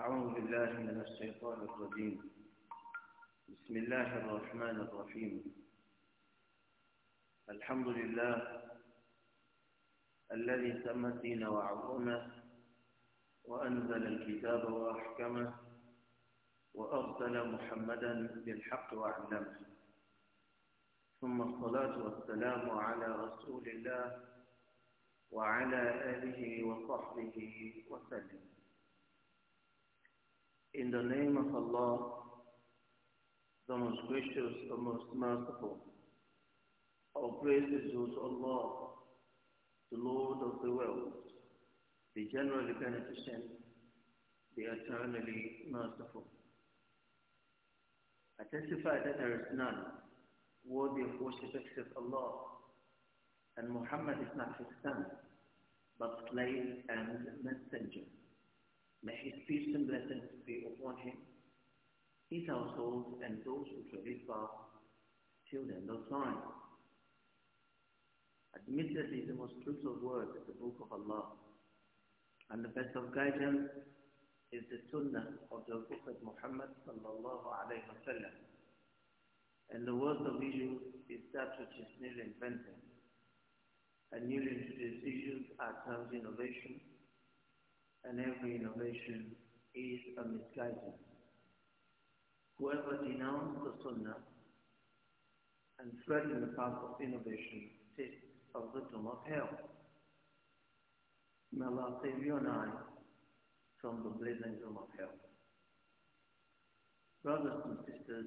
أعوذ بالله من الشيطان الرجيم بسم الله الرحمن الرحيم الحمد لله الذي تم الدين وعظمه وأنزل الكتاب وأحكمه وأرسل محمدا بالحق وعلمه ثم الصلاة والسلام على رسول الله وعلى آله وصحبه وسلم In the name of Allah, the most gracious, the most merciful. Our praise is to Allah, the Lord of the world, the generally beneficent, the eternally merciful. I testify that there is none worthy of worship except Allah, and Muhammad is not his son, but slave and messenger. May His peace and blessings be upon him, his household, and those who tread his path till the end of time. Admittedly, the most truthful word is the Book of Allah, and the best of guidance is the Sunnah of the Prophet Muhammad sallallahu wasallam. And the worst of issues is that which is newly invented. And newly introduced issues are terms innovation and every innovation is a misguidance. Whoever denounces the Sunnah and threatens the path of innovation tastes of the doom of hell. May Allah save you and I from the blazing doom of hell. Brothers and sisters,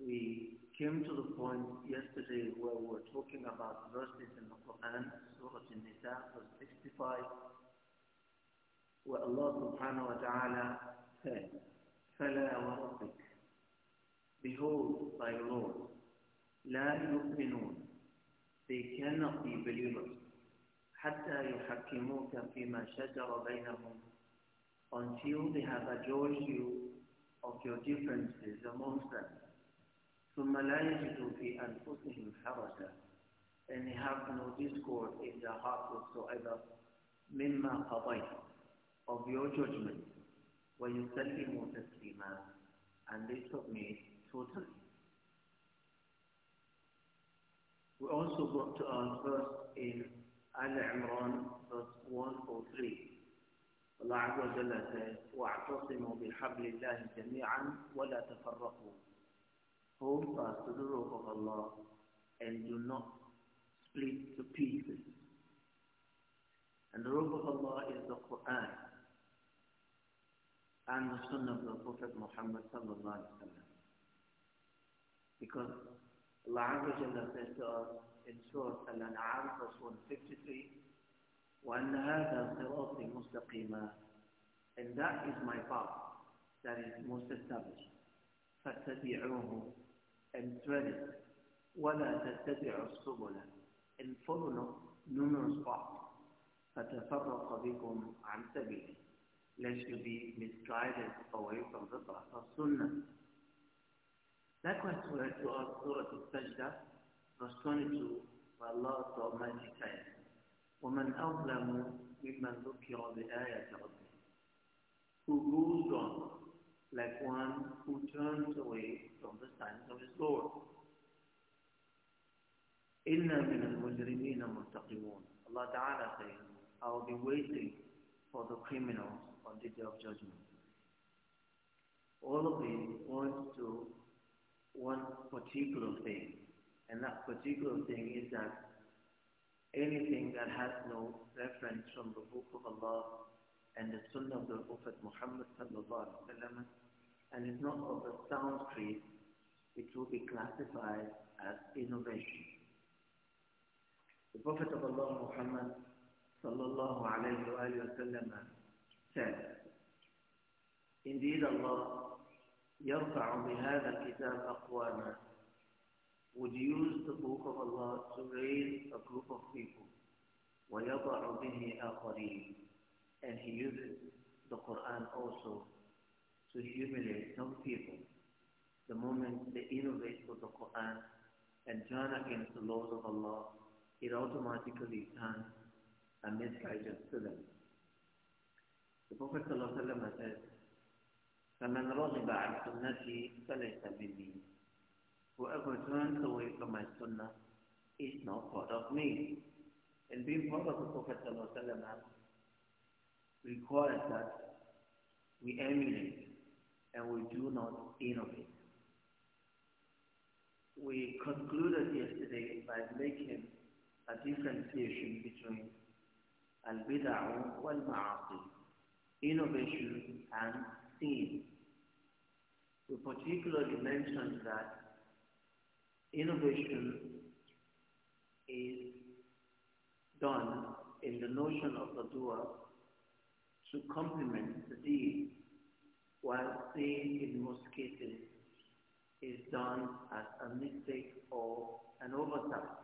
we came to the point yesterday where we were talking about verses in the Quran, Surah An-Nisa, verse 65, where Allah subhanahu wa ta'ala said, فَلَا وَرَبِّكَ Behold, thy Lord, لَا يُؤْمِنُونَ They cannot be believers. حَتَّى يُحَكِّمُوكَ فِيمَا شَجَرَ بَيْنَهُمْ Until they have adjudged you of your differences amongst them. ثم لا يجدوا في أنفسهم حرجا and they have no discord in their heart whatsoever مما قضيت of your judgment ويسلموا تسليما and they submit totally. We also got to our verse in Al Imran verse 103. Allah Azza wa says, وَاعْتَصِمُوا بِحَبْلِ اللَّهِ جَمِيعًا وَلَا تَفَرَّقُوا Hold fast to the rope of Allah and do not split to pieces. And the rope of Allah is the Quran and the Sunnah of the Prophet Muhammad sallallahu alaihi wasallam. Because Allah says to us in Surah Al-An'am, verse 153, وَأَنَّ هَذَا صِرَاطِ مُسْتَقِيمًا And that is my path that is most established. فَاتَّبِعُوهُ الجري ولا تتبعوا السبل الفضل ننعس بعض فتفرق بكم عن سبيله Lest you be misguided away from the path of Sunnah. Likewise, we are to us Surah Al-Sajda, verse 22, where Allah the Almighty says, وَمَنْ أَظْلَمُ مِمَّنْ ذُكِّرَ بِآيَةِ رَبِّهِ Who goes wrong like one who turns away from the signs of his Lord. إِنَّا مِنَ الْمُجْرِمِينَ مُرْتَقِمُونَ Allah Ta'ala says, I will be waiting for the criminals on the day of judgment. All of these point to one particular thing, and that particular thing is that anything that has no reference from the Book of Allah and the Sunnah of the Prophet Muhammad and is not of a sound creed, it will be classified as innovation. The Prophet of Allah Muhammad sallallahu alayhi wa sallam said, Indeed Allah يرفع بهذا الكتاب أقواما would use the book of Allah to raise a group of people ويضع به آخرين and he uses the Quran also to humiliate some people. The moment they innovate with the Quran and turn against the laws of Allah, it automatically turns a misguidance to them. The Prophet ﷺ says, فَمَنْ رَغِبَ عَنْ سُنَّتِي فَلَيْسَ مِنِّي Whoever turns away from my sunnah is not part of me. And being part of the Prophet ﷺ requires that we emulate and we do not innovate. We concluded yesterday by making a differentiation between al-bid'ah wal-ma'asi, innovation and sin. We particularly mentioned that innovation is done in the notion of the dua to complement the deed, while sin in most cases is done as a mistake or an oversight.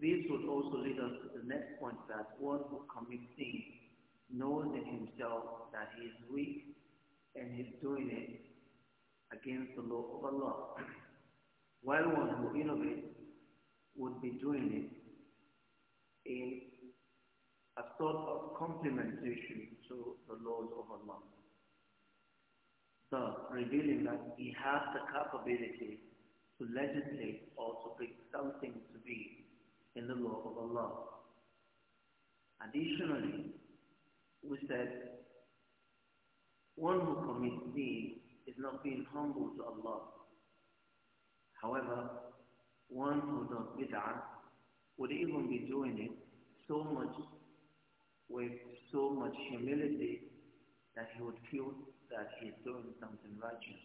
This would also lead us to the next point that one who commits sin knows in himself that he is weak and he is doing it against the law of Allah. While one who innovates would be doing it in a sort of complementation to the laws of Allah. Thus, revealing that he has the capability to legislate or to bring something to be in the law of Allah. Additionally, we said, one who commits sin is not being humble to Allah. However, one who does bid'ah would even be doing it so much with so much humility that he would feel that he is doing something righteous.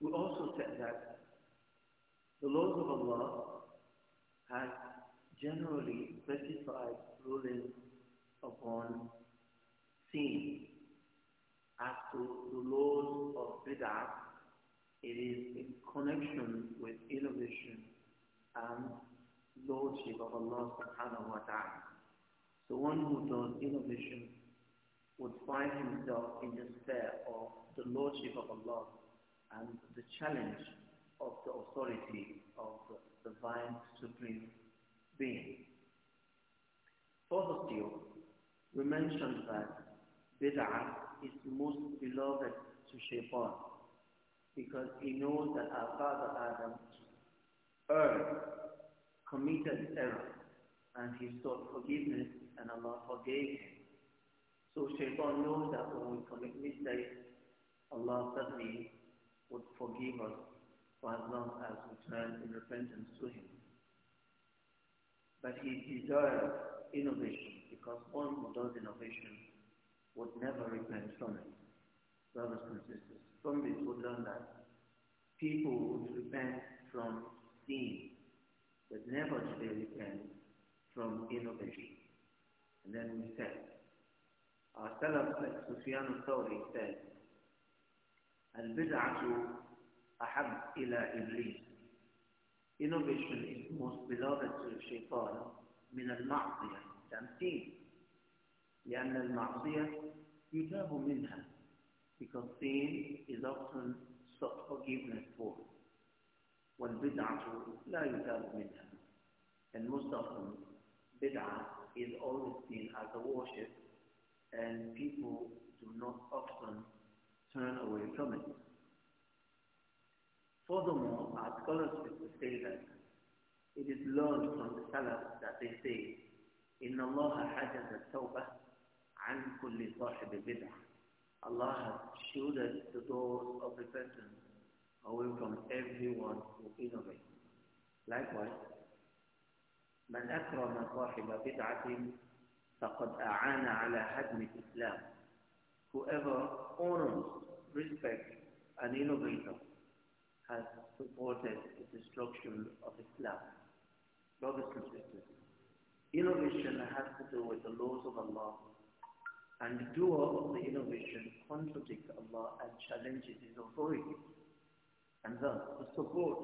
We also said that the laws of Allah have generally specified ruling upon sin. As to the laws of bid'ah, it is in connection with innovation and lordship of Allah subhanahu wa ta'ala. The one who does innovation would find himself in despair of the lordship of Allah and the challenge of the authority of the divine supreme being. Further still, we mentioned that bid'ah is most beloved to Shaitan because he knows that our father Adam erred, committed error, and he sought forgiveness and Allah forgave him. So Shaitan knows that when we commit mistakes, Allah certainly would forgive us for as long as we turn in repentance to Him. But He desires innovation because one who does innovation would never repent from it. Brothers and sisters, from this we learn that people would repent from sin, but never do they repent from innovation. and then we said, Our fellow like Sufyan al-Thawri said, Al-bid'atu ahab ila iblis. Innovation is most beloved to shaitan min al-ma'siyah, than sin. لأن المعصية يتاب منها because sin is often sought forgiveness for والبدعة لا يتاب منها and most often بدعة is always seen as a worship and people do not often turn away from it. Furthermore, our scholars would say that it is learned from the Salaf that they say, In Allah حَجَزَ التَّوْبَةِ عَنْ كُلِّ sahib بِدْعَةٍ Allah has shielded the doors of repentance away from everyone who innovates. Likewise, من أكرم صاحب بدعة فقد أعان على هدم الإسلام whoever honors respects an innovator has supported the destruction of Islam brothers and sisters innovation has to do with the laws of Allah and the doer of the innovation contradicts Allah and challenges his authority and thus the support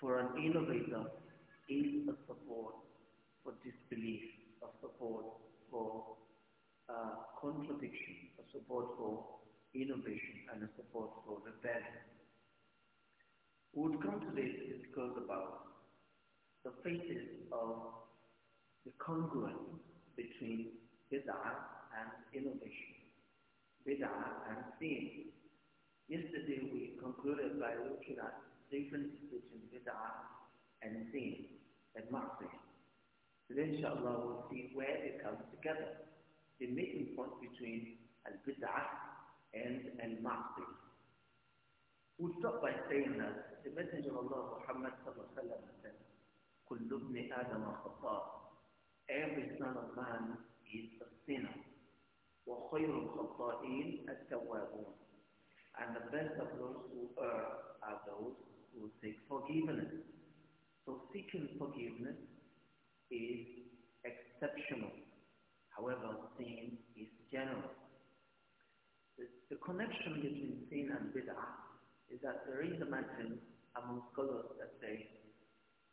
for an innovator is a support for disbelief, of support for uh, contradiction, of support for innovation, and a support for rebellion. We would come to this is because about the faces of the congruence between bid'ah and innovation, bid'ah and sin. Yesterday we concluded by looking at differences between bid'ah and sin and Marxism. Then inshallah we'll see where it comes together. The making point between al-bid'ah and al-ma'asi. We'll start by saying that the Messenger of Allah Muhammad said, Every son of man is a sinner. وخير الخطائين التوابون And the best of those who err are those who seek forgiveness. So seeking forgiveness is exceptional. However, sin is general. The, the connection between sin and bid'ah is that there is a maxim among scholars that says,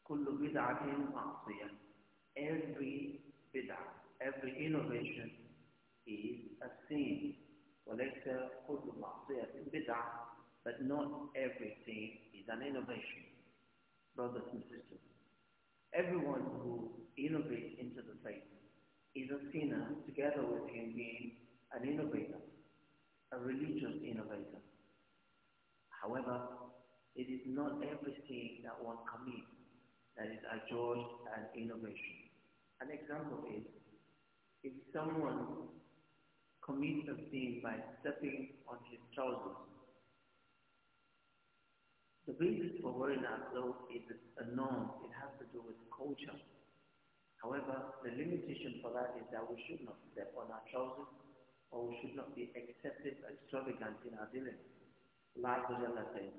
كل بدعة معصية. Every bid'ah, every innovation is a sin. but not everything is an innovation. Brothers and sisters, everyone innovate into the faith is a sinner together with him being an innovator, a religious innovator. However, it is not everything that one commits that is joy and innovation. An example is if someone commits a sin by stepping on his trousers, the basis for wearing our clothes is a norm. It has to do with culture. However, the limitation for that is that we should not step on our trousers or we should not be excessive, extravagant in our dealing. Allah says,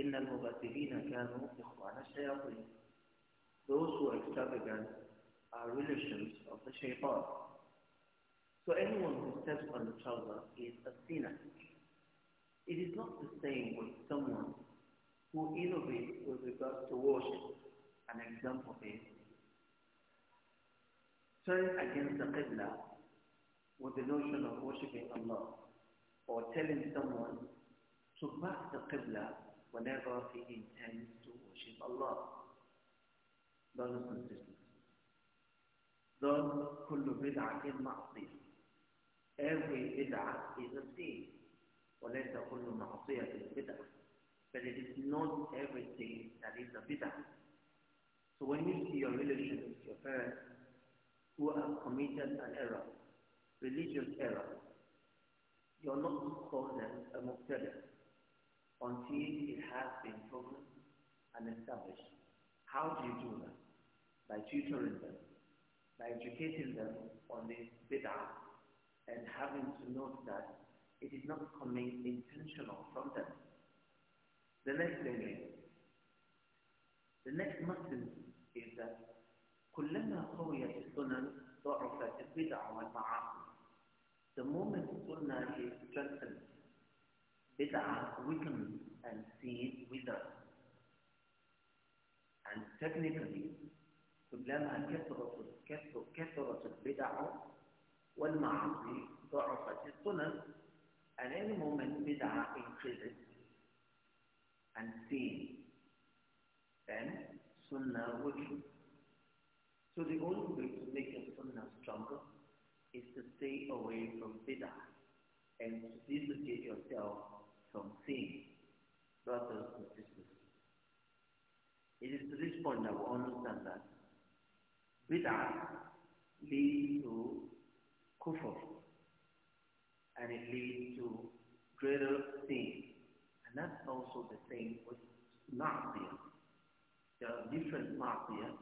إِنَّ الْمُبَتِّلِينَ كَانُوا إِخْوَانَ Those who are extravagant are relations of the shaitan. So anyone who steps on the trouser is a sinner. It is not the same with someone who innovates with regards to worship. An example is turn against the Qibla with the notion of worshipping Allah or telling someone to back the Qibla whenever he intends to worship Allah. Brothers and sisters, thus bid'ah in معصية. Every bid'ah is a sin. وليس كل معصية بدعة. But it is not everything that is a bid'ah. So when you see your relatives, your parents, who have committed an error, religious error, you're not to call them a mubtada until it has been proven and established. How do you do that? By tutoring them, by educating them on this bid'ah and having to note that it is not coming intentional from them. The next thing is, the next message is that كلما قويت السنن ضعفت البدع والمعاصي. The moment sunnah is strengthened, bid'ah weakens and seed withers. And technically, كلما كثرت كثرت البدع والمعاصي ضعفت السنن and any moment bid'ah increases and seed then sunnah weakens. So the only way to make your sunnah stronger is to stay away from bid'ah and to dissociate yourself from sin, brothers and sisters. It is to this point that we understand that bid'ah leads to kufr and it leads to greater sin. And that's also the same with mafia, There are different ma'asiyah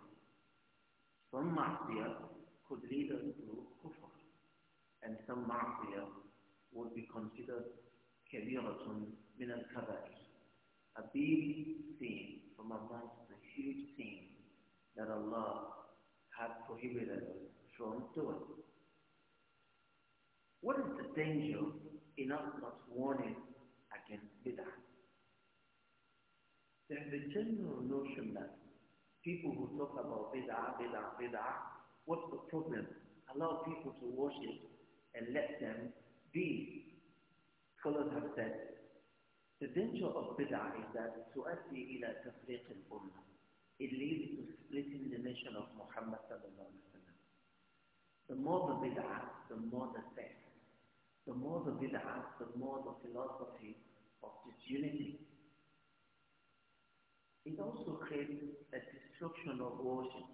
some mafia could lead us to kufr, and some mafia would be considered kabiratun min al-kabair, a big sin from amongst the huge thing that Allah had prohibited us from doing. What is the danger in us not warning against bid'ah? There is a general notion that people who talk about bid'ah, bid'ah, bid'ah, what's the problem? Allow people to worship and let them be. Scholars have said, the danger of bid'ah is that تؤدي إلى تفريق الأمة. It leads to splitting the nation of Muhammad sallallahu alaihi wasallam. The more the bid'ah, the more the sect. The more the bid'ah, the more the philosophy of disunity. It also creates a instruction of worship.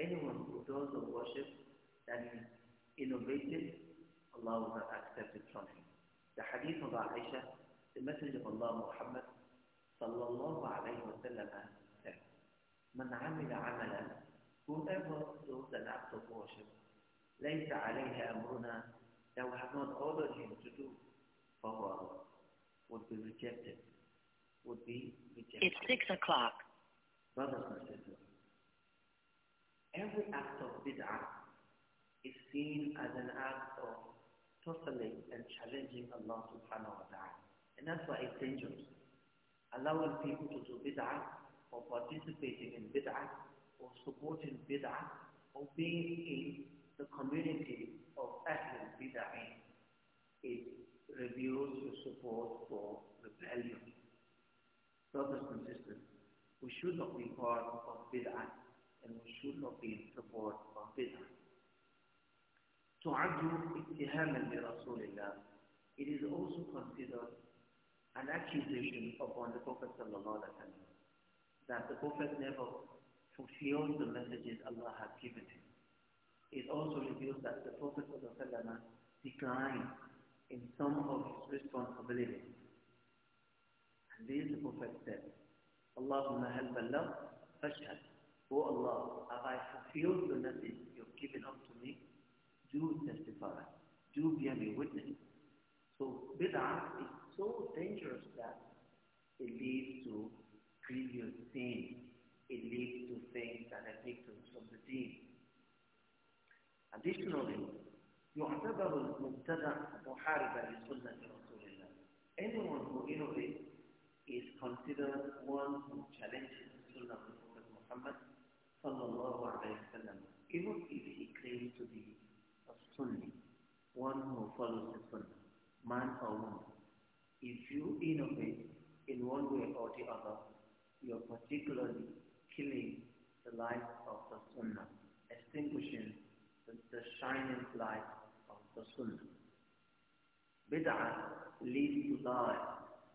Anyone who does the worship that is innovative, Allah will not accept it from him. The hadith of Aisha, the message of Allah Muhammad sallallahu alayhi wa sallam said, من عمل عملا whoever does an act of worship ليس عليه أمرنا that we have not ordered him to do for would be rejected would be rejected. It's six o'clock. Brothers and sisters, every act of bid'ah is seen as an act of totally and challenging Allah subhanahu wa ta'ala. And that's why it's dangerous. Allowing people to do bid'ah or participating in bid'ah or supporting bid'ah or being in the community of Ahlul Bid'ah is reveals your support for rebellion. Brothers and sisters, we should not be part of bid'ah and we should not be in support of bid'ah. تعد اتهاما برسول الله. It is also considered an accusation upon the Prophet sallallahu alaihi wasallam that the Prophet never fulfilled the messages Allah had given him. It also reveals that the Prophet sallallahu alaihi wasallam declined in some of his responsibilities. And this the Prophet said, Allahumma hal balagh fashhad. Oh Allah, have I fulfilled the message you've given up to me? Do testify. Do be a witness. So bid'ah is so dangerous that it leads to grievous sin. It leads to things that are victims from the deen. Additionally, يعتبر المبتدع محاربا لسنة رسول الله. Anyone who innovates is considered one who challenges the Sunnah of Prophet Muhammad sallallahu alayhi wa sallam, even if he claims to be a Sunni, one who follows the Sunnah, man or woman. If you innovate in one way or the other, you are particularly killing the light of the Sunnah, extinguishing the, the shining light of the Sunnah. Bid'ah leads to lies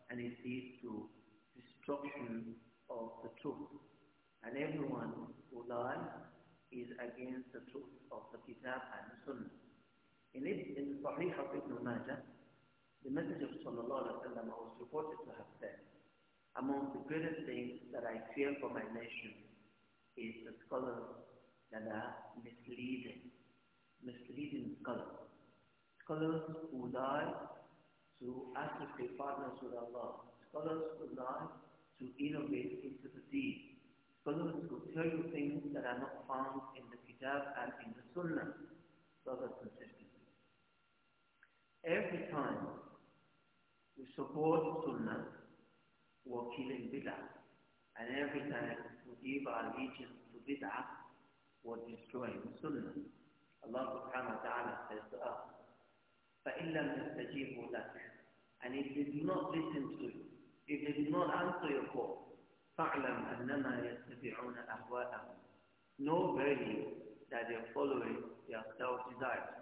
and it leads to destruction of the truth. And everyone who lies is against the truth of the Kitab and the Sunnah. In, it, in Sahih of Ibn Majah, the message of Sallallahu Alaihi Wasallam was reported to have said, among the greatest things that I fear for my nation is the scholars that are misleading, misleading scholars. Scholars who lie to access their partners with Allah. Scholars would like to innovate into the deed. Scholars will tell you things that are not found in the Kitab and in the Sunnah. Brothers and sisters, every time we support Sunnah, we're killing Bid'ah. And every time we give our allegiance to Bid'ah, we're destroying Sunnah. Allah subhanahu wa ta'ala says to us, فإن لم تستجيبوا لك and if they do not listen to you if they do not answer your call فاعلم أنما يتبعون أهواءهم know very that they are following their self-desires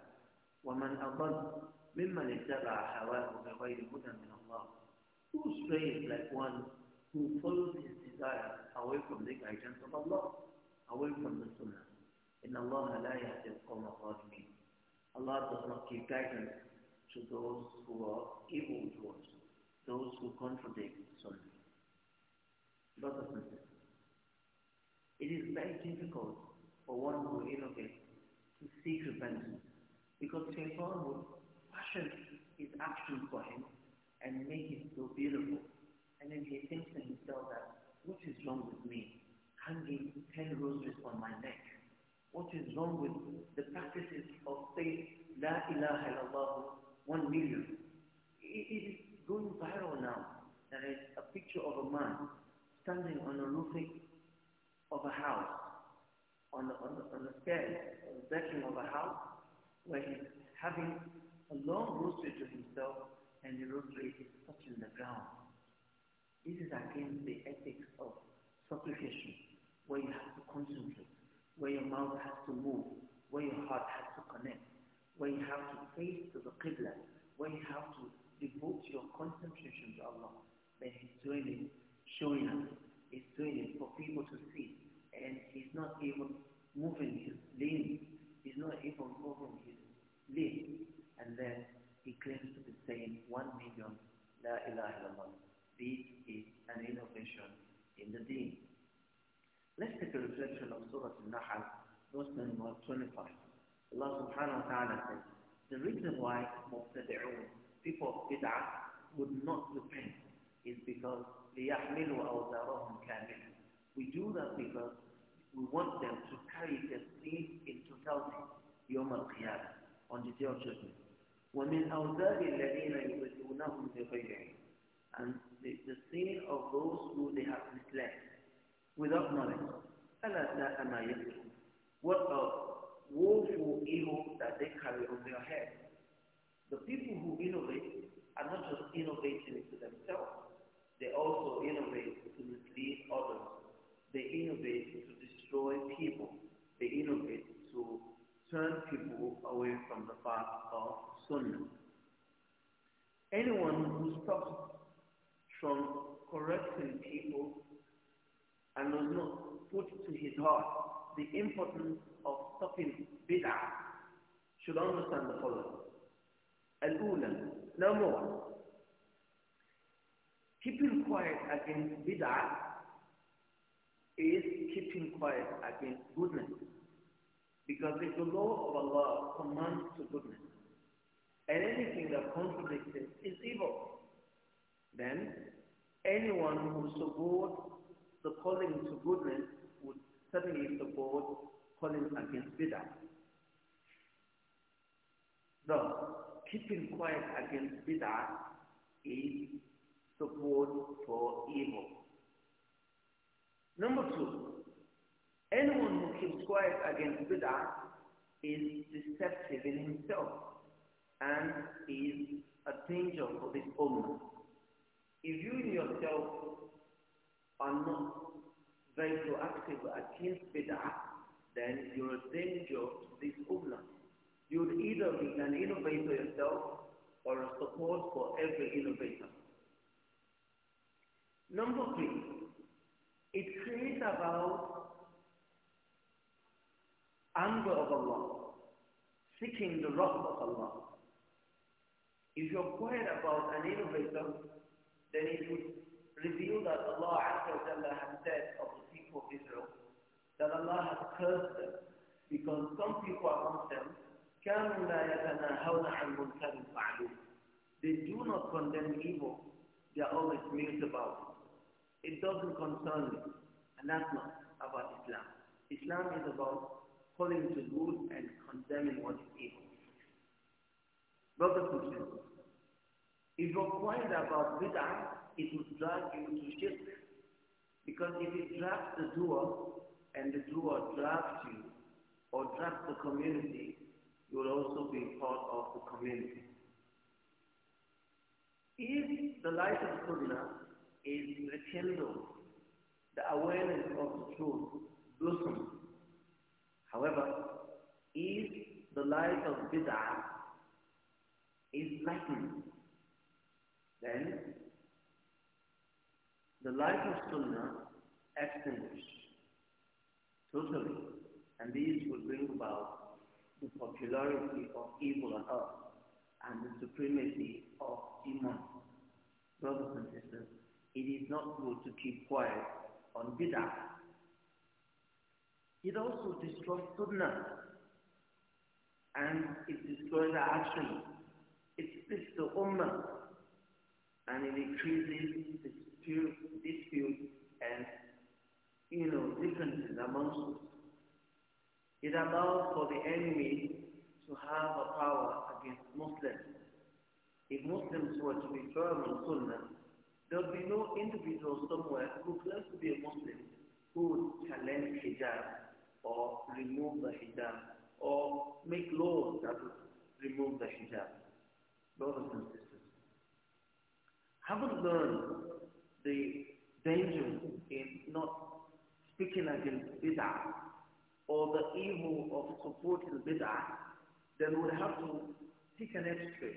ومن أضل ممن اتبع هواه بغير هدى من الله who strays like one who follows his desire away from the guidance of Allah away from the sunnah إن الله لا يهدي القوم الظالمين Allah does not give guidance to those who are evil towards you, those who contradict Sunnah. Brothers and sisters, it is very difficult for one who innovates to seek repentance because Shaitan will fashion his actions for him and make him so beautiful. And then he thinks to himself that, what is wrong with me? Hanging ten roses on my neck. What is wrong with the practices of faith, La ilaha illallah, one million. It, it is going viral now. There is a picture of a man standing on the roofing of a house, on the, on the, on the stairs, on the decking of a house, where he's having a long rosary to himself and the rosary is touching the ground. This is against the ethics of supplication, where you have to concentrate, where your mouth has to move, where your heart has to connect where you have to face to the Qibla, where you have to devote your concentration to Allah, then he's doing it, showing us, he's doing it for people to see, and he's not even moving his limbs, he's not even moving his limbs, and then he claims to be saying one million La ilaha illallah. This is an innovation in the deen. Let's take a reflection of Surah al Nahal, verse number 25. Allah subhanahu wa ta'ala says, the reason why people of bid'ah, would not repent is because لِيَحْمِلُوا أَوْزَارَهُمْ كَامِلًا We do that because we want them to carry their sin in totality يوم القيامة on the day of judgment. وَمِنْ أَوْزَارِ الَّذِينَ يُضِلُّونَهُمْ بِغَيْرِ And the, the sin of those who they have misled without knowledge. أَلَا سَاءَ مَا يَكْتُمُونَ What of woeful evil that they carry on their head. The people who innovate are not just innovating to themselves, they also innovate to mislead others. They innovate to destroy people. They innovate to turn people away from the path of Sunnah. Anyone who stops from correcting people and does not put to his heart the importance of stopping bid'ah should understand the following. Al-Ula, no more. keeping quiet against bid'ah is keeping quiet against goodness. Because if the law of Allah commands to goodness, and anything that contradicts it is evil, then anyone who supports the calling to goodness certainly support calling against Buddha. No, keeping quiet against Buddha is support for evil. Number two, anyone who keeps quiet against Buddha is deceptive in himself and is a danger for this ummah. If you yourself are not very proactive against bid'ah, then you're a danger to this ummah. You'll either be an innovator yourself or a support for every innovator. Number three, it creates about anger of Allah, seeking the wrath of Allah. If you're quiet about an innovator, then it would reveal that Allah has said of the people of Israel that Allah has cursed them because some people among them They do not condemn evil. They are always mute about it. It doesn't concern me. And that's not about Islam. Islam is about calling to good and condemning what is evil. Brother, and if you're quiet about bid'ah, it will drag you to shirk. Because if it draft the doer and the doer drafts you or drafts the community, you will also be part of the community. If the light of Sunnah is rekindled, the awareness of the truth blossoms. However, if the light of Bid'ah is lightened, then the light of Sunnah extinguished totally, and these would bring about the popularity of evil on earth and the supremacy of demons. Brothers and sisters, it is not good to keep quiet on bid'ah. It also destroys sunnah and it destroys the action. It splits the ummah and it increases the disputes, and you know differences amongst us. It allows for the enemy to have a power against Muslims. If Muslims were to be firm on Sunnah, there would be no individual somewhere who claims to be a Muslim who would challenge hijab or remove the hijab or make laws that would remove the hijab. Brothers and sisters, haven't learned the danger in not speaking against bid'ah or the evil of supporting bid'ah, then we have to take an extra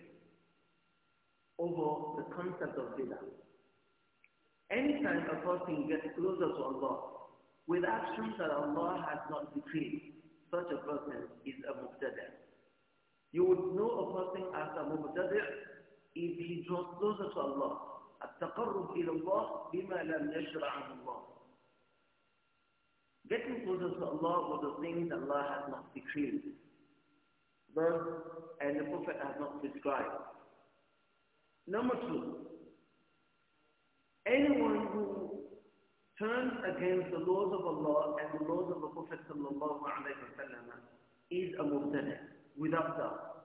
over the concept of bid'ah. Anytime a person gets closer to Allah with actions that Allah has not decreed, such a person is a mubtada. You would know a person as a mubtada if he draws closer to Allah التقرب إلى الله بما لم يشرع الله. Getting closer to Allah a the that Allah has not decreed, thus, and the Prophet has not prescribed. Number two, anyone who turns against the laws of Allah and the laws of the Prophet is a mubtada, without doubt.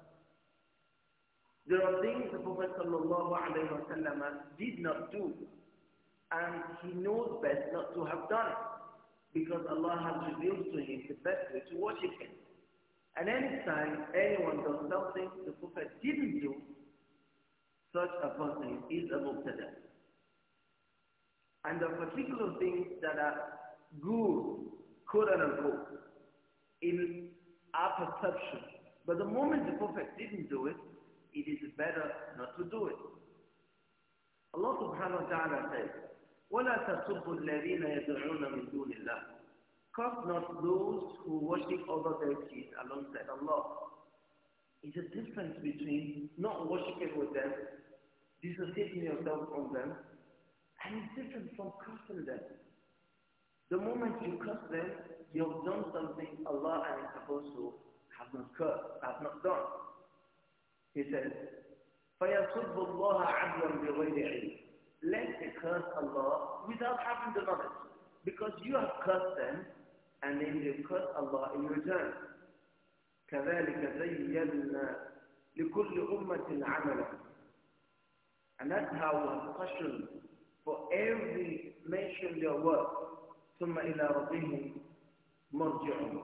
There are things the Prophet did not do, and he knows best not to have done it, because Allah has revealed to him the best way to worship him. And anytime anyone does something the Prophet didn't do, such a person is a mubtada. And the particular things that are good, quote unquote, in our perception. But the moment the Prophet didn't do it, it is better not to do it. Allah subhanahu wa ta'ala says, وَلَا تَسُبُّ الَّذِينَ يَدْعُونَ مِن دُونِ اللَّهِ Curse not those who worship other deities alongside Allah. It's a difference between not worshiping with them, dissociating yourself from them, and it's different from cursing them. The moment you curse them, you have done something Allah and His Apostle have not cursed, have not done. He says, فَيَصُبُّ اللَّهَ عَدْلًا بِغَيْرِ عِلْمٍ Let the curse Allah without having the knowledge. Because you have cursed them, and then they curse Allah in return. كَذَلِكَ زَيَّنَّا لِكُلِّ أُمَّةٍ عَمَلًا And that's how we have cautioned for every mention their work. ثُمَّ إِلَى رَبِّهِمْ مَرْجِعُهُمْ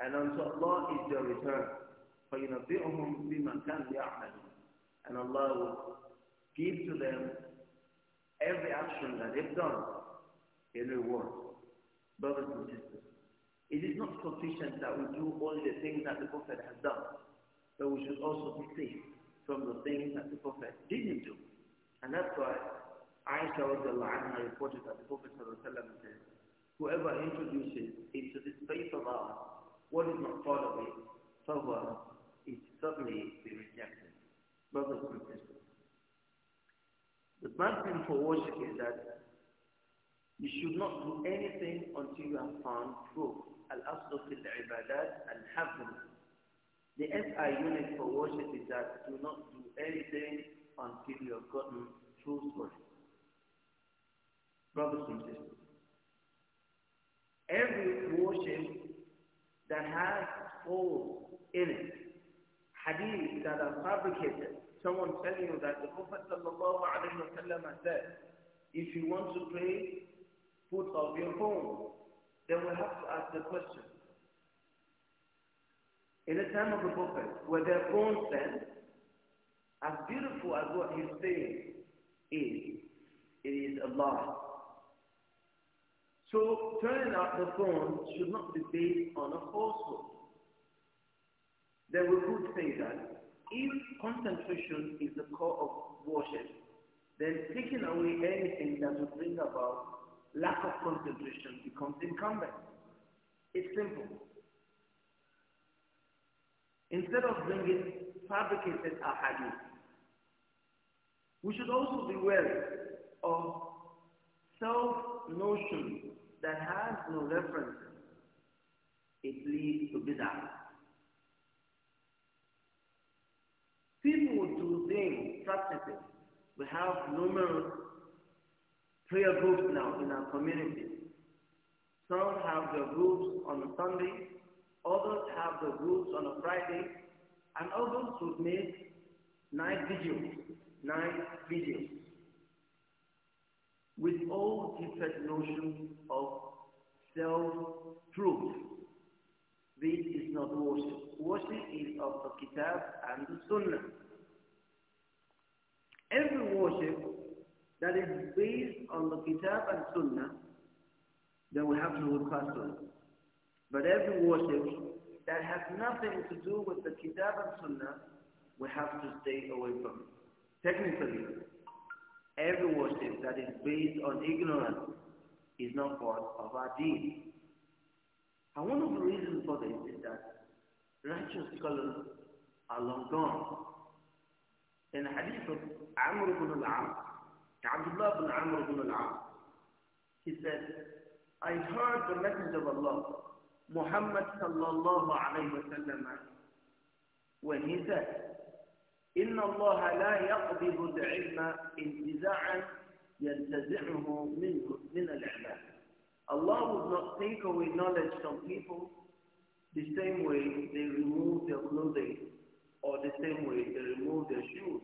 And unto Allah is their return. فينبئهم بما كانوا يعملون and Allah will give to them every action that they've done in reward brothers and sisters it is not sufficient that we do all the things that the Prophet has done but we should also be safe from the things that the Prophet didn't do and that's why Aisha anha reported that the Prophet said whoever introduces into this space of ours what is not part of it فهو Suddenly, be rejected, not the criticism. The bad thing for worship is that you should not do anything until you have found proof. Al-Aslu fil ibadat and them. The SI unit for worship is that do not do anything until you have gotten for it. Brothers and sisters, every worship that has holes in it hadith that are fabricated. Someone telling you that the Prophet said, if you want to pray, put off your phone. Then we have to ask the question. In the time of the Prophet, were their phones then as beautiful as what he's saying is? It is Allah. So turning out the phone should not be based on a falsehood. Then we could say that if concentration is the core of worship, then taking away anything that would bring about lack of concentration becomes incumbent. It's simple. Instead of bringing fabricated ahadith, we should also beware of self-notion that has no reference. It leads to bid'ah. practices. We have numerous prayer groups now in our community. Some have their groups on Sunday, others have their groups on a Friday, and others would make night videos, night videos, with all different notions of self truth This is not worship. Worship is of the Kitab and the Sunnah. Every worship that is based on the Kitab and Sunnah, then we have to hold fast to it. But every worship that has nothing to do with the Kitab and Sunnah, we have to stay away from it. Technically, every worship that is based on ignorance is not part of our deed. And one of the reasons for this is that righteous scholars are long gone in the hadith of Amr ibn al-As, Abdullah ibn Amr ibn al-As, he said, I heard the message of Allah, Muhammad صلى الله عليه وسلم, when he said, إن الله لا يقبض العلم انتزاعا ينتزعه منه من العباد. Allah would not take away knowledge from people the same way they remove their clothing or the same way they remove their shoes.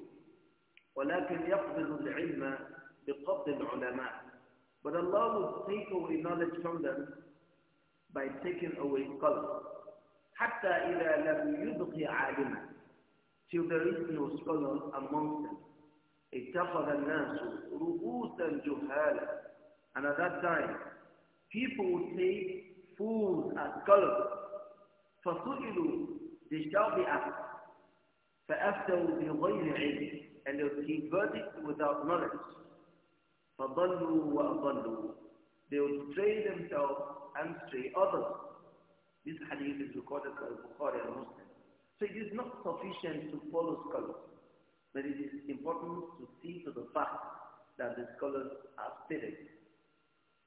ولكن يقبل العلم بقبض العلماء. But Allah will take away knowledge from them by taking away scholars. حتى إذا لم يبقي عالما till there is no scholar amongst them. اتخذ الناس رؤوسا جهالا and at that time people would take fools as scholars فسئلوا they shall be asked فأفتوا بغير علم and they'll give verdict without knowledge. فَضَلُّوا وَأَضَلُّوا They will stray themselves and stray others. This hadith is recorded by Bukhari and Muslim. So it is not sufficient to follow scholars, but it is important to see to the fact that the scholars are stated.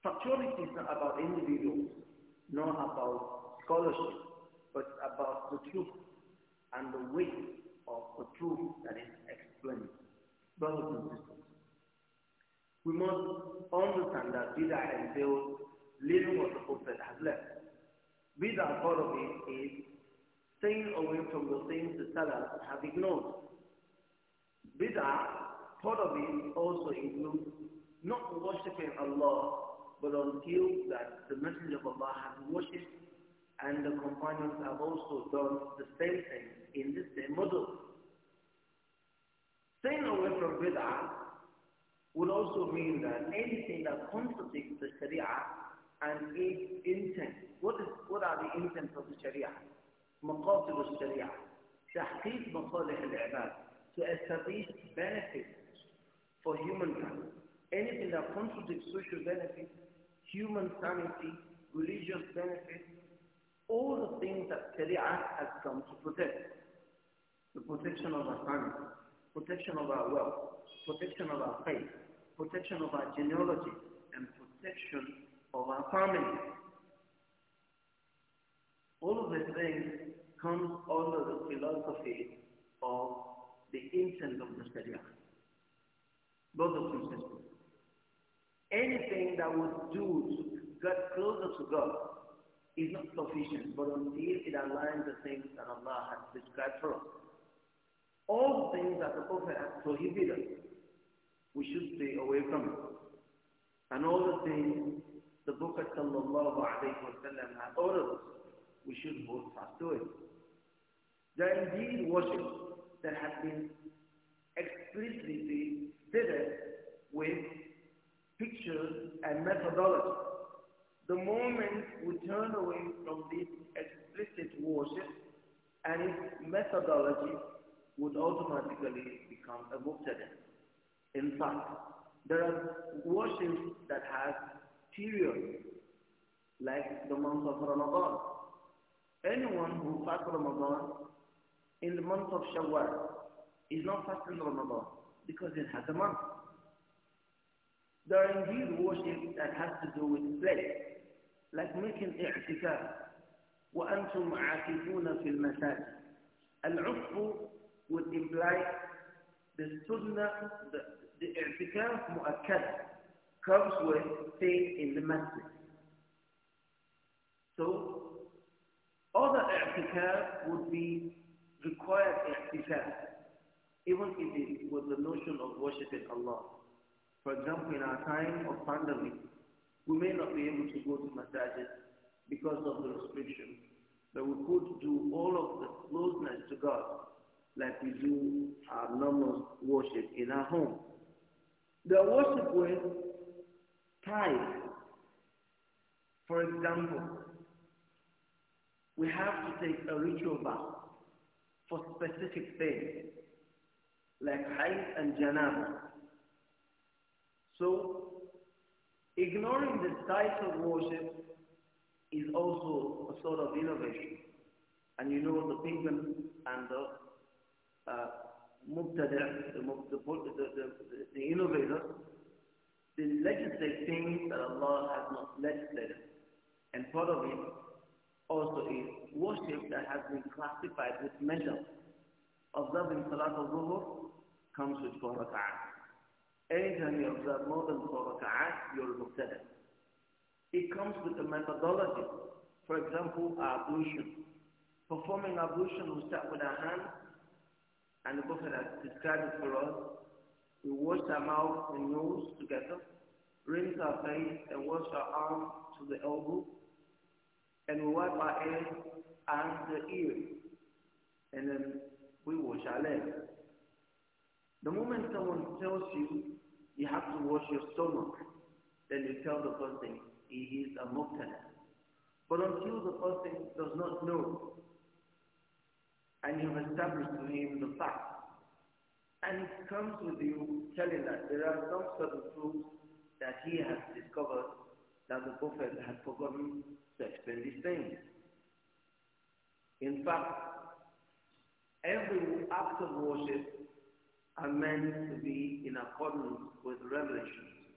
Factuality is not about individuals, nor about scholarship, but about the truth and the weight of a truth that is explained. Brothers and sisters, we must understand that Bid'ah entails living what the Prophet has left. Bid'ah part of it is staying away from the things the Salaf have ignored. Bid'ah part of it also includes not worshipping Allah, but until that the Messenger of Allah has worshipped and the companions have also done the same thing in the same model. Staying away from bid'ah would also mean that anything that contradicts the sharia and its intent. What, is, what are the intents of the sharia? مقاصد الشريعة تحقيق al-ibad, to establish benefits for humankind. Anything that contradicts social benefits, human sanity, religious benefits, all the things that Sharia has come to protect. The protection of our family, protection of our wealth, protection of our faith, protection of our genealogy, and protection of our family. All of these things come under the philosophy of the intent of the Sharia. Brothers and sisters, anything that would do to get closer to God is not sufficient, but until it aligns the things that Allah has prescribed for us. All the things that the Prophet has prohibited, we should stay away from it. And all the things the Prophet of alayhi wa sallam has ordered, we should hold fast to it. There indeed worship that has been explicitly stated with pictures and methodology. The moment we these explicit worship and its methodology would automatically become a mubtada. In fact, there are worships that have periods, like the month of Ramadan. Anyone who fasts Ramadan in the month of Shawwal is not fasting Ramadan because it has a month. There are indeed worships that has to do with place, like making i'tikaf, وأنتم عاكفون في المساجد العفو would imply the sunnah, the, the i'tikaf mu'akkad comes with staying in the masjid. So, other i'tikaf would be required i'tikaf, even if it was the notion of worshipping Allah. For example, in our time of pandemic, we may not be able to go to masajid because of the restrictions. So we could do all of the closeness to God like we do our normal worship in our home. The worship with tithe, for example, we have to take a ritual bath for specific things like Hayd and Janaba. So, ignoring the types of worship is also a sort of innovation. And you know the penguin and the uh, the, the, the, the, innovator, they legislate things that Allah has not legislated. And part of it also is worship that has been classified with measure. Observing Salat al-Zuhur comes with four rak'ahs. Anytime you observe more than four you're a it comes with a methodology. For example, ablution. Performing ablution, we start with our hands, and the Prophet has described it for us. We wash our mouth and nose together, rinse our face and wash our arms to the elbow, and we wipe our head and the ear, and then we wash our legs. The moment someone tells you you have to wash your stomach, then you tell the person, he is a mubtada. But until the person does not know, and you've established to him the fact, and it comes with you telling that there are some certain proofs that he has discovered that the Prophet has forgotten to explain these things. In fact, every act of worship are meant to be in accordance with revelations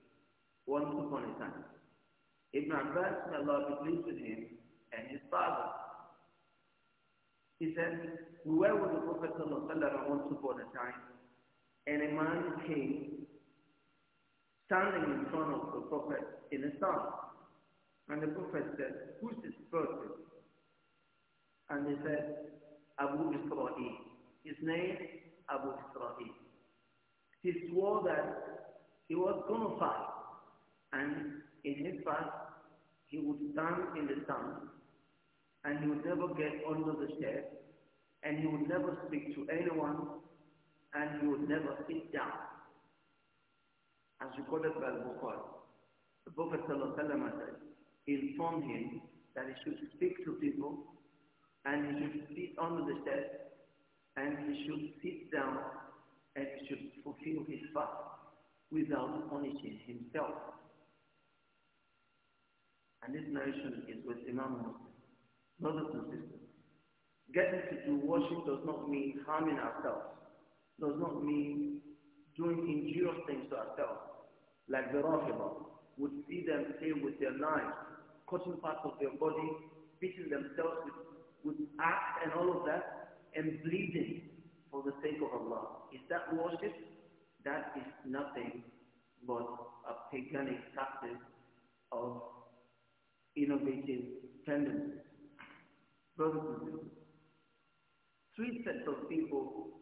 once upon a time. Ibn Abbas, may Allah be pleased with him, and his father. He said, where was the Prophet ﷺ once upon a time? And a man came standing in front of the Prophet in a sun. And the Prophet said, who's this person? And they said, Abu Israel. His name, Abu Israel. He swore that he was going to fight. And in his past, he would stand in the sun and he would never get under the chair and he would never speak to anyone and he would never sit down. As recorded by Bukhari, the Prophet said, informed him that he should speak to people and he should sit under the chair and he should sit down and he should fulfill his fast without punishing himself. And this narration is with Imam Muslim. Brothers and sisters, getting to do worship does not mean harming ourselves, does not mean doing injurious things to ourselves. Like the Rafida would see them play with their knives, cutting parts of their body, beating themselves with, with axe and all of that, and bleeding for the sake of Allah. Is that worship? That is nothing but a paganic practice of innovative tendencies. three sets of people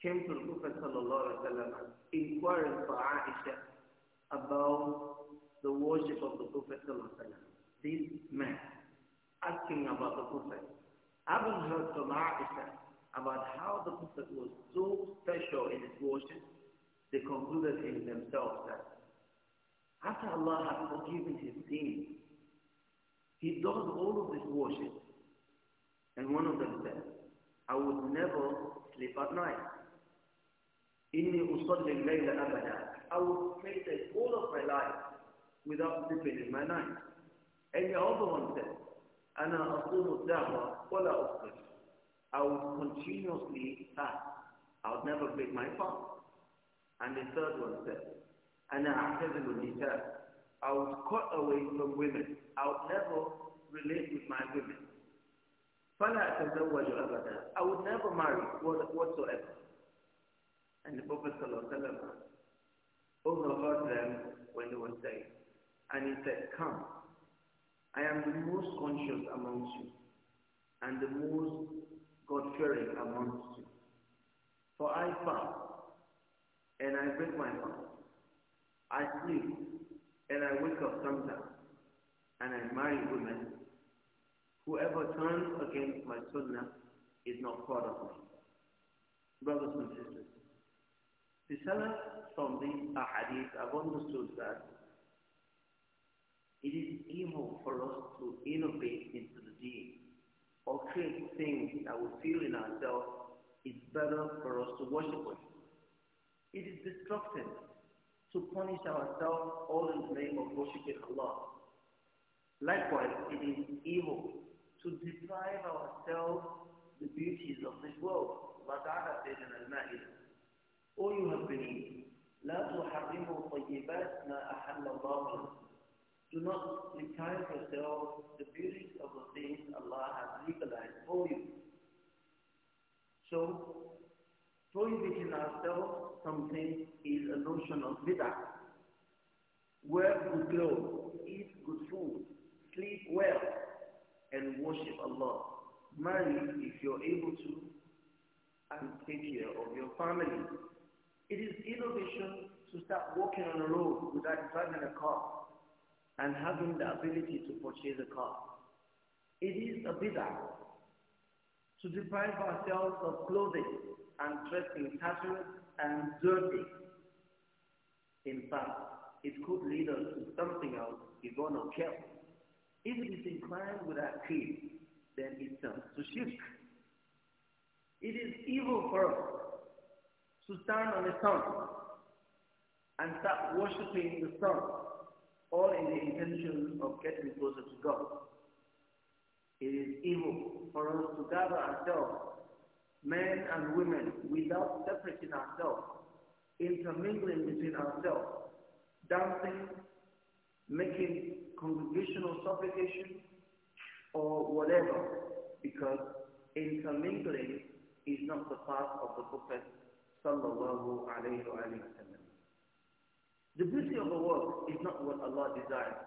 came to the Prophet sallallahu inquiring for Aisha about the worship of the Prophet sallallahu These men asking about the Prophet. Having heard from Aisha about how the Prophet was so special in his worship, they concluded in themselves that after Allah had forgiven his sins, he does all of this worship. And one of them said, I would never sleep at night. Inni usalli layla abada. I would pray the all of my life without sleeping in my night. And the other one said, Ana asumu da'wa wala ufkut. I would continuously fast. I would never break my fast. And the third one said, Ana a'tazilu nisa. I would cut away from women. I would never relate with my women. فَلَا أَتَزَوَّجُ أَبَدًا I would never marry whatsoever. And the Prophet ﷺ overheard them when they were saying, and he said, Come, I am the most conscious amongst you, and the most God-fearing amongst you. For I fast, and I break my fast. I sleep, and I wake up sometimes and I marry women, whoever turns against my sunnah is not part of me. Brothers and sisters, the salah from these ahadith have understood that it is evil for us to innovate into the deen or create things that we feel in ourselves is better for us to worship with. It is destructive to punish ourselves all in the name of worshiping Allah. Likewise, it is evil to deprive ourselves the beauties of this world. Allah Ta'ala says O you have believed, لا تحرموا طيبات ما أحل الله لكم do not deprive yourself the beauties of the things Allah has legalized for you. So, prohibiting ourselves something is a notion of bidah. Wear good clothes, eat good food, sleep well, and worship Allah. Marry if you're able to, and take care of your family. It is innovation to start walking on a road without driving a car and having the ability to purchase a car. It is a bidah to deprive ourselves of clothing and dressing casual and dirty. In fact, it could lead us to something else if we're not careful. If it is inclined with our creed, then it turns to shirk. It is evil for us to stand on the sun and start worshipping the sun, all in the intention of getting closer to God. It is evil for us to gather ourselves men and women, without separating ourselves, intermingling between ourselves, dancing, making congregational supplication, or whatever, because intermingling is not the path of the Prophet sallallahu alayhi wa The beauty of the work is not what Allah desires,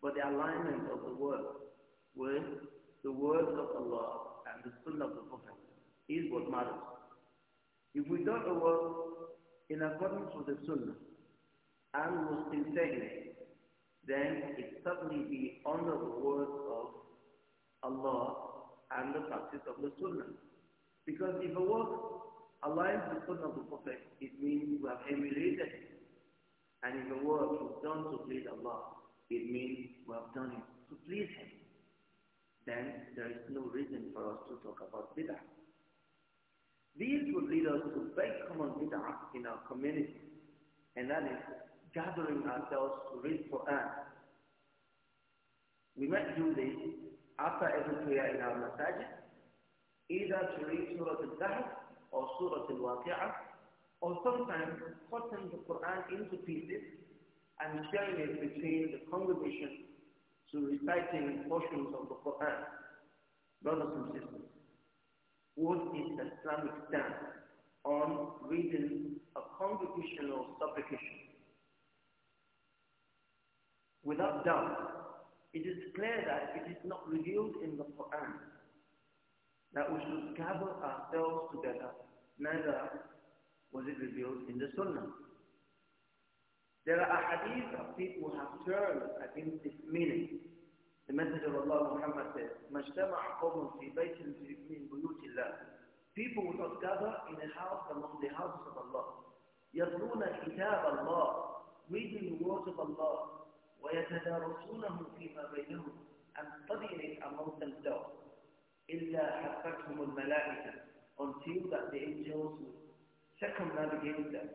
but the alignment of the work with the words of Allah and the sunnah of the Prophet is what matters. If we don't work in accordance with the Sunnah and with sincerity, then it certainly be under the word of Allah and the practice of the Sunnah. Because if a work aligns the Sunnah of the Prophet, it means we have emulated it. And if a work is done to please Allah, it means we have done it to please Him. Then there is no reason for us to talk about bid'ah. These would lead us to very common bid'ah in our community, and that is gathering ourselves to read Quran. We might do this after every prayer in our masajid, either to read Surah Al-Zahab or Surah Al-Waqi'ah, or sometimes cutting the Quran into pieces and sharing it between the congregation to reciting portions of the Quran. Brothers and sisters, what is the Islamic stance on reading a congregational supplication? Without doubt, it is clear that it is not revealed in the Quran that we should gather ourselves together, neither was it revealed in the Sunnah. There are hadith of people who have turned against this meaning The Messenger of Allah Muhammad said, مَجْتَمَعْ قَوْمٌ فِي بَيْتٍ مِنْ بُيُوتِ اللَّهِ People will not gather in a house among the houses of Allah. يَتْلُونَ كِتَابَ اللَّهِ Reading the words of Allah. وَيَتَدَارُسُونَهُ فِيمَا بَيْنَهُمْ And studying it among themselves. إِلَّا حَفَّتْهُمُ الْمَلَائِكَةِ Until that the angels will circumnavigate them.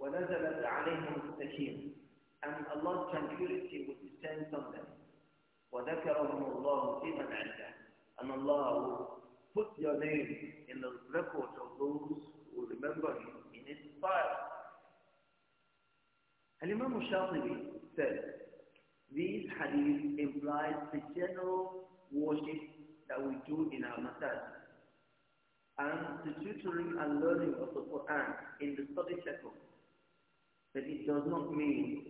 ونزلت عليهم السكينة and Allah's tranquility will descend on them. وَذَكَرَهُمُ اللَّهُ فِي عِنْدَهُ And Allah will put your name in the record of those who remember Him in His fire. Al-Imam Shatibi said, these hadith implies the general worship that we do in our masjid and the tutoring and learning of the Quran in the study circle. That it does not mean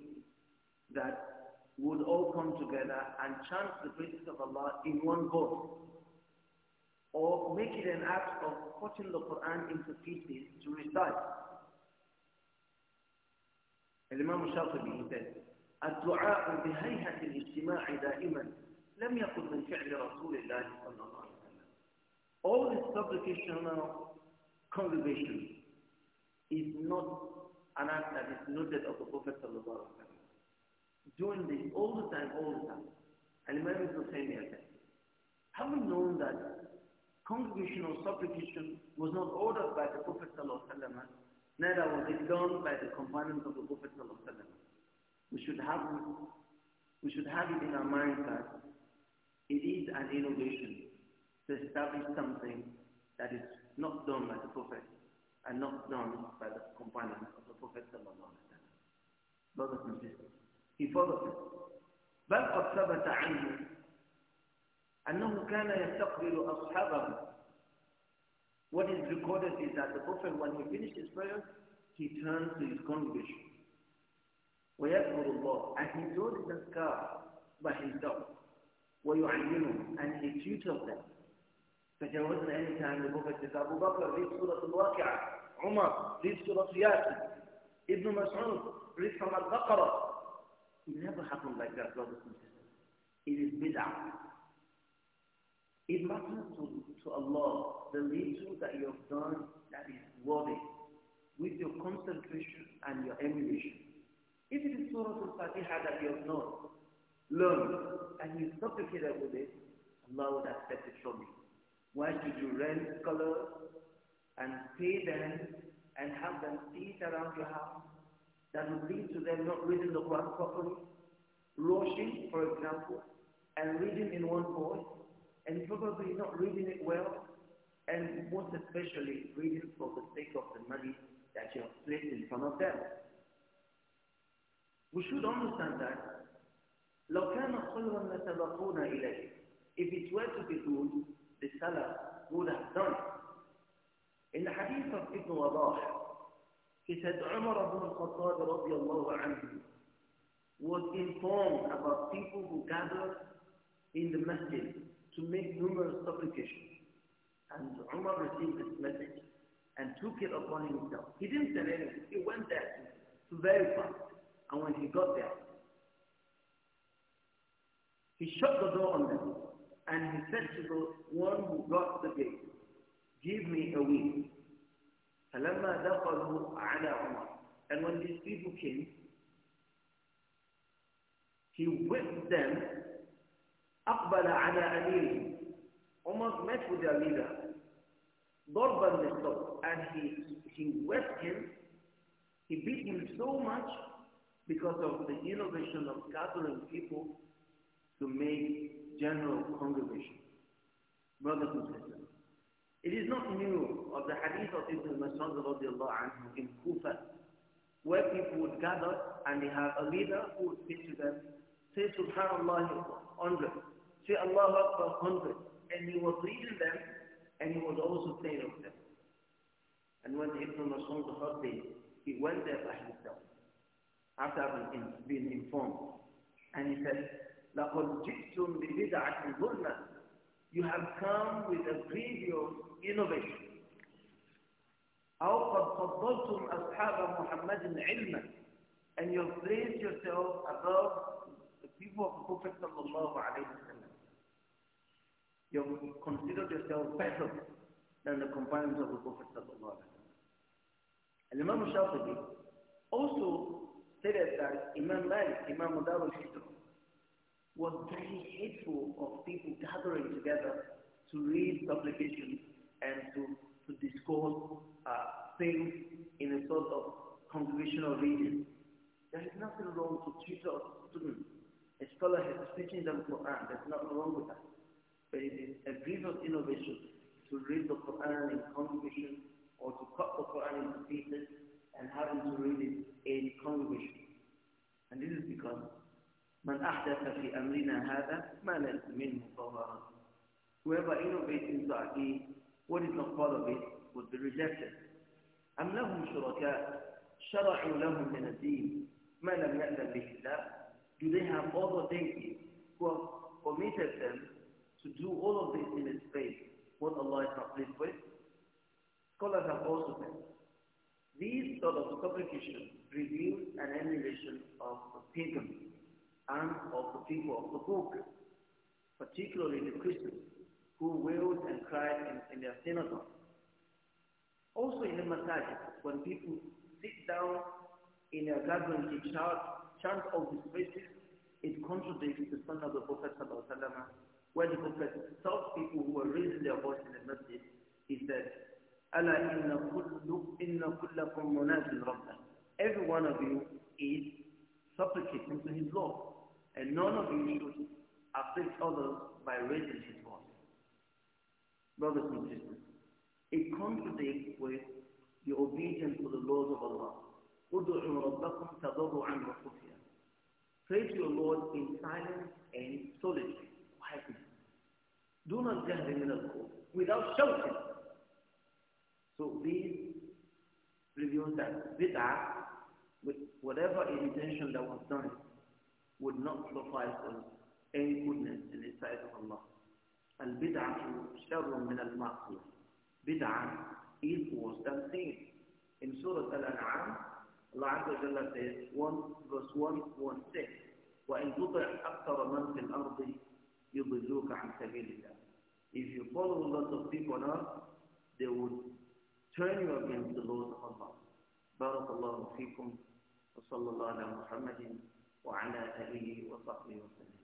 that would all come together and chant the praises of Allah in one voice. Or make it an act of cutting the Quran into pieces to recite. الإمام shafii said, الدعاء بهيئة الاجتماع دائما لم يكن من فعل رسول الله صلى الله عليه وسلم. All this supplicational congregation is not an act that is noted of the Prophet صلى الله عليه وسلم doing this all the time, all the time. And Imam Ibn Taymiyyah said, have we known that congregational supplication was not ordered by the Prophet ﷺ, neither was it done by the companions of the Prophet ﷺ? We should have, we should have it in our mind that it is an innovation to establish something that is not done by the Prophet and not done by the companions of the Prophet ﷺ. Brothers and sisters, إفاضة بل قد ثبت عنه أنه كان يستقبل أصحابه What is recorded is that the Prophet, when he finished his prayer, he turned to his congregation. ويذكر الله and he told the أذكار by himself. وَيُعَلِّمُهُ and he tutored them. فجاوزنا أي time the Prophet said, Abu Bakr, read Surah Al-Waqi'ah. Umar, read Surah Yasin. Ibn Mas'ud, read from Al-Baqarah. It never happened like that, brothers and sisters. It is bid'ah. It matters to, to Allah the little that you have done that is worthy with your concentration and your emulation. If it is Surah Al-Fatiha that you have not learned and you supplicated with it, Allah would accept it from you. Why should you rent scholars and pay them and have them sit around your house that would lead to them not reading the Quran properly, rushing, for example, and reading in one voice, and probably not reading it well, and most especially reading for the sake of the money that you have placed in front of them. We should understand that لو كان إليه If it were to be good, the Salaf would have done it. In the hadith of Ibn Wadah, he said Umar ibn al-Khattab radiallahu anhu was informed about people who gathered in the masjid to make numerous supplications. And Umar received this message and took it upon himself. He didn't say anything. He went there to verify. And when he got there, he shut the door on them. And he said to the one who got the gate, give me a week. فلما دخلوا على عمر and when these people came he whipped them أقبل على أميرهم Umar met with their leader ضربا للصوت and he he whipped him he beat him so much because of the innovation of gathering people to make general congregation brothers and sisters it is not new of the hadith of Ibn Mas'ud in Kufa, where people would gather and they have a leader who would say to them, say Subhanallah 100, say Allah Akbar 100. And he was leading them and he was also saying of them. And when Ibn Mas'ud heard this, he went there by himself after having been informed. And he said, لَقَدْ جِئْتُمْ بِبِدْعَةٍ ظُلْمًا you have come with a grievous innovation. أو قد فضلتم of محمد علما and you have placed yourself above the people of the Prophet sallallahu alayhi wa sallam. You have considered yourself better than the companions of the Prophet sallallahu alayhi Al-Imam Shafi'i also stated that Imam Malik, Imam Mudar al-Hijrah, was very hateful of people gathering together to read supplications and to, to discuss uh, things in a sort of congregational reading. There is nothing wrong to tutor a student. A scholar has teaching them Quran. There's nothing wrong with that. But it is a of innovation to read the Quran in congregation or to cut the Quran into pieces and having to read it in congregation. And this is because Man ahdatha fi amrina hada ma laysa minhu Whoever innovates in that, deed, what is not part of it would be rejected. أم لهم شركاء شرعوا لهم من الدين ما لم يأذن به الله Do they have other deities who have permitted them to do all of this in His faith, what Allah is not pleased with? Scholars have also said, these sort of supplications reveal an emulation of the and of the people of the book, particularly the Christians, who wailed and cried in, in their synagogues. Also in the masjid, when people sit down in their gatherings to chant, chant of these verses, it contradicts the sunnah of the Prophet where the Prophet taught people who were raising their voice in the masjid, he said, أَلَا Every one of you is supplicating to his Lord. And none of you should affect others by raising his voice. Brothers and sisters, it contradicts with the obedience to the laws of Allah. Pray to your Lord in silence and solitude, quietly. Do not jump in the court without shouting. So please review that bid'ah, with whatever intention that was done, would not suffice us any goodness in the sight of Allah. Al-bid'atu sharrun min al-ma'siyah. Bid'ah is worse than sin. In Surah Al-An'am, Allah Azza wa Jalla says, 1 verse 1, 1 6, وَإِن تُطِعْ أَكْثَرَ مَنْ فِي الْأَرْضِ يُضِلُّوكَ عَنْ سَبِيلِ اللَّهِ If you follow lots of people on earth, they would turn you against the Lord of Allah. بارك الله فيكم وصلى الله على محمد وعلى آله وصحبه وسلم